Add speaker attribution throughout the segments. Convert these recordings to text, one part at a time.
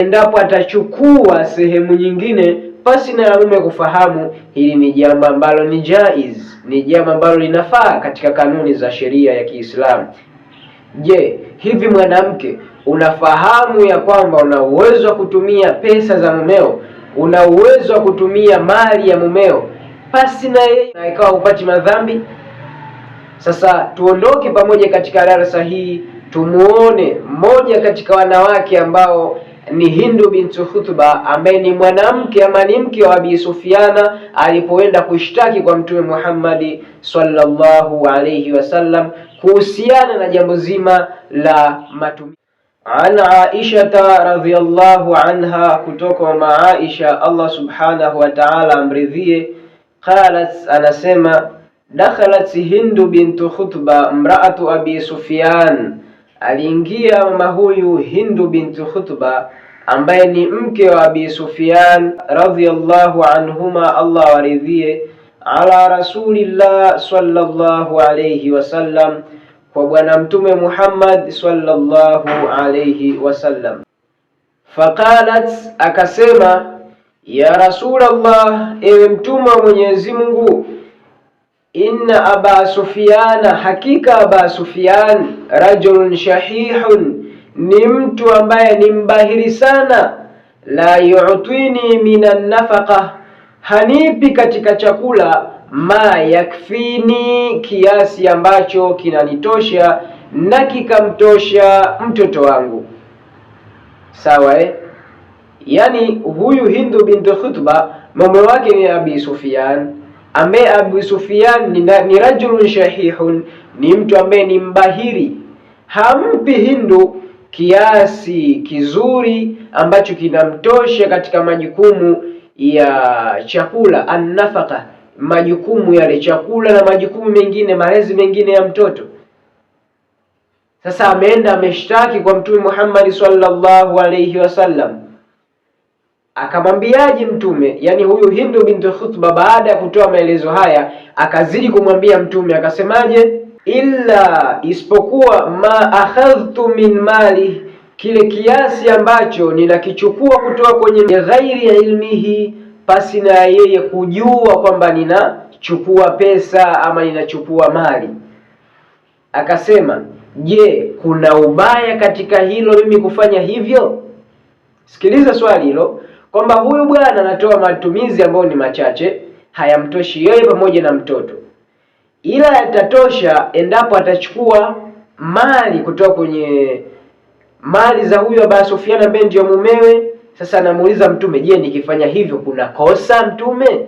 Speaker 1: endapo atachukua sehemu nyingine pasi na mume kufahamu. Hili ni jambo ambalo ni jaiz, ni jambo ambalo linafaa katika kanuni za sheria ya Kiislamu. Je, hivi mwanamke unafahamu ya kwamba una uwezo wa kutumia pesa za mumeo, una uwezo wa kutumia mali ya mumeo pasi na yeye na ikawa hupati madhambi? Sasa tuondoke pamoja katika darasa hii, tumuone mmoja katika wanawake ambao ni Hindu bintu Khutba ambaye ni mwanamke ama ni mke wa Abi sufiana alipoenda kushtaki kwa Mtume Muhammad sallallahu alayhi wasallam kuhusiana na jambo zima la matumizi. An Aisha radhiyallahu anha, kutoka wa Maaisha, Allah subhanahu wa ta'ala amridhie, qalat, anasema dakhalat Hindu bintu Khutba mraatu Abi Sufyan aliingia mama huyu Hindu binti Khutba ambaye ni mke wa Abi Sufyan radhiyallahu anhuma, Allah waridhie, ala rasulillah sallallahu alayhi wasallam, kwa bwana mtume Muhammad sallallahu alayhi wasallam. Faqalat, akasema ya rasulallah, ewe mtume wa Mwenyezi Mungu inna aba Sufyana, hakika aba Sufyan rajulun shahihun, ni mtu ambaye ni mbahiri sana. La yu'tini minan nafaqa, hanipi katika chakula ma yakfini, kiasi ambacho kinanitosha na kikamtosha mtoto wangu. Sawa eh? Yani huyu Hindu bintu Khutba mume wake ni Abi Sufyan ambaye Abu Sufyan ni, ni rajulun shahihun, ni mtu ambaye ni mbahiri, hampi Hindu kiasi kizuri ambacho kinamtosha katika majukumu ya chakula, annafaka, majukumu yale chakula na majukumu mengine, malezi mengine ya mtoto. Sasa ameenda ameshtaki kwa Mtume Muhammad sallallahu alayhi wasallam akamwambiaje mtume? Yani huyu Hindu binti Khutba baada ya kutoa maelezo haya akazidi kumwambia mtume akasemaje? Illa, isipokuwa ma akhadhtu min mali, kile kiasi ambacho ninakichukua kutoka kwenye ghairi ya ilmihi, pasi na yeye kujua kwamba ninachukua pesa ama ninachukua mali. Akasema, je, kuna ubaya katika hilo mimi kufanya hivyo? Sikiliza swali hilo kwamba huyu bwana anatoa matumizi ambayo ni machache, hayamtoshi yeye pamoja na mtoto, ila yatatosha endapo atachukua mali kutoka kwenye mali za huyu Aba Sufyan ambaye ndiyo mumewe. Sasa anamuuliza Mtume, je, nikifanya hivyo kuna kosa? Mtume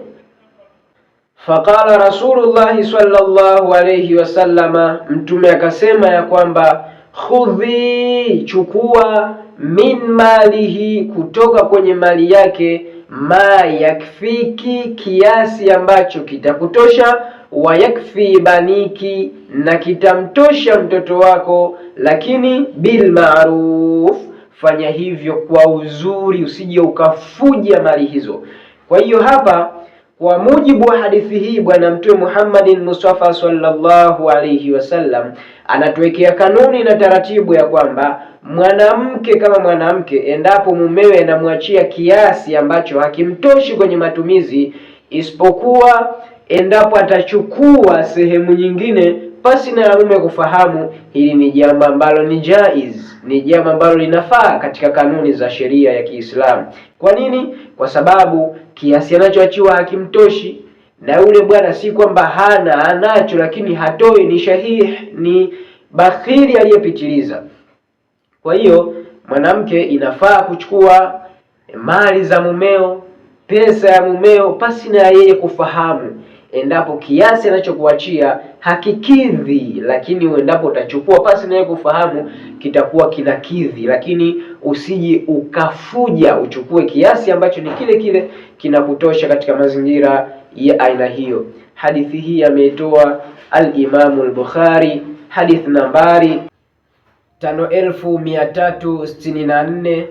Speaker 1: faqala Rasulullahi sallallahu alayhi wasallama, Mtume akasema ya kwamba khudhi, chukua min malihi, kutoka kwenye mali yake, ma yakfiki, kiasi ambacho kitakutosha wa yakfi baniki, na kitamtosha mtoto wako, lakini bil ma'ruf, fanya hivyo kwa uzuri, usije ukafuja mali hizo. Kwa hiyo hapa kwa mujibu wa hadithi hii, Bwana Mtume Muhammadin Mustafa sallallahu alayhi wasallam anatuwekea kanuni na taratibu ya kwamba mwanamke kama mwanamke, endapo mumewe anamwachia kiasi ambacho hakimtoshi kwenye matumizi, isipokuwa endapo atachukua sehemu nyingine pasi na mume kufahamu hili ni jambo ambalo ni jaiz, ni jambo ambalo linafaa katika kanuni za sheria ya Kiislamu. Kwa nini? Kwa sababu kiasi anachoachiwa hakimtoshi, na yule bwana si kwamba hana, anacho lakini hatoi, ni shahih, ni bakhili aliyepitiliza. Kwa hiyo mwanamke inafaa kuchukua mali za mumeo, pesa ya mumeo pasi na yeye kufahamu endapo kiasi anachokuachia hakikidhi, lakini uendapo utachukua pasi naye kufahamu kitakuwa kinakidhi, lakini usiji ukafuja uchukue kiasi ambacho ni kile kile kinakutosha katika mazingira ya aina hiyo. Hadithi hii ameitoa al-Imamu al-Bukhari, hadithi nambari 5364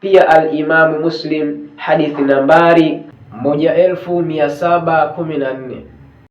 Speaker 1: pia al-Imamu Muslim hadithi nambari moja elfu mia saba kumi na nne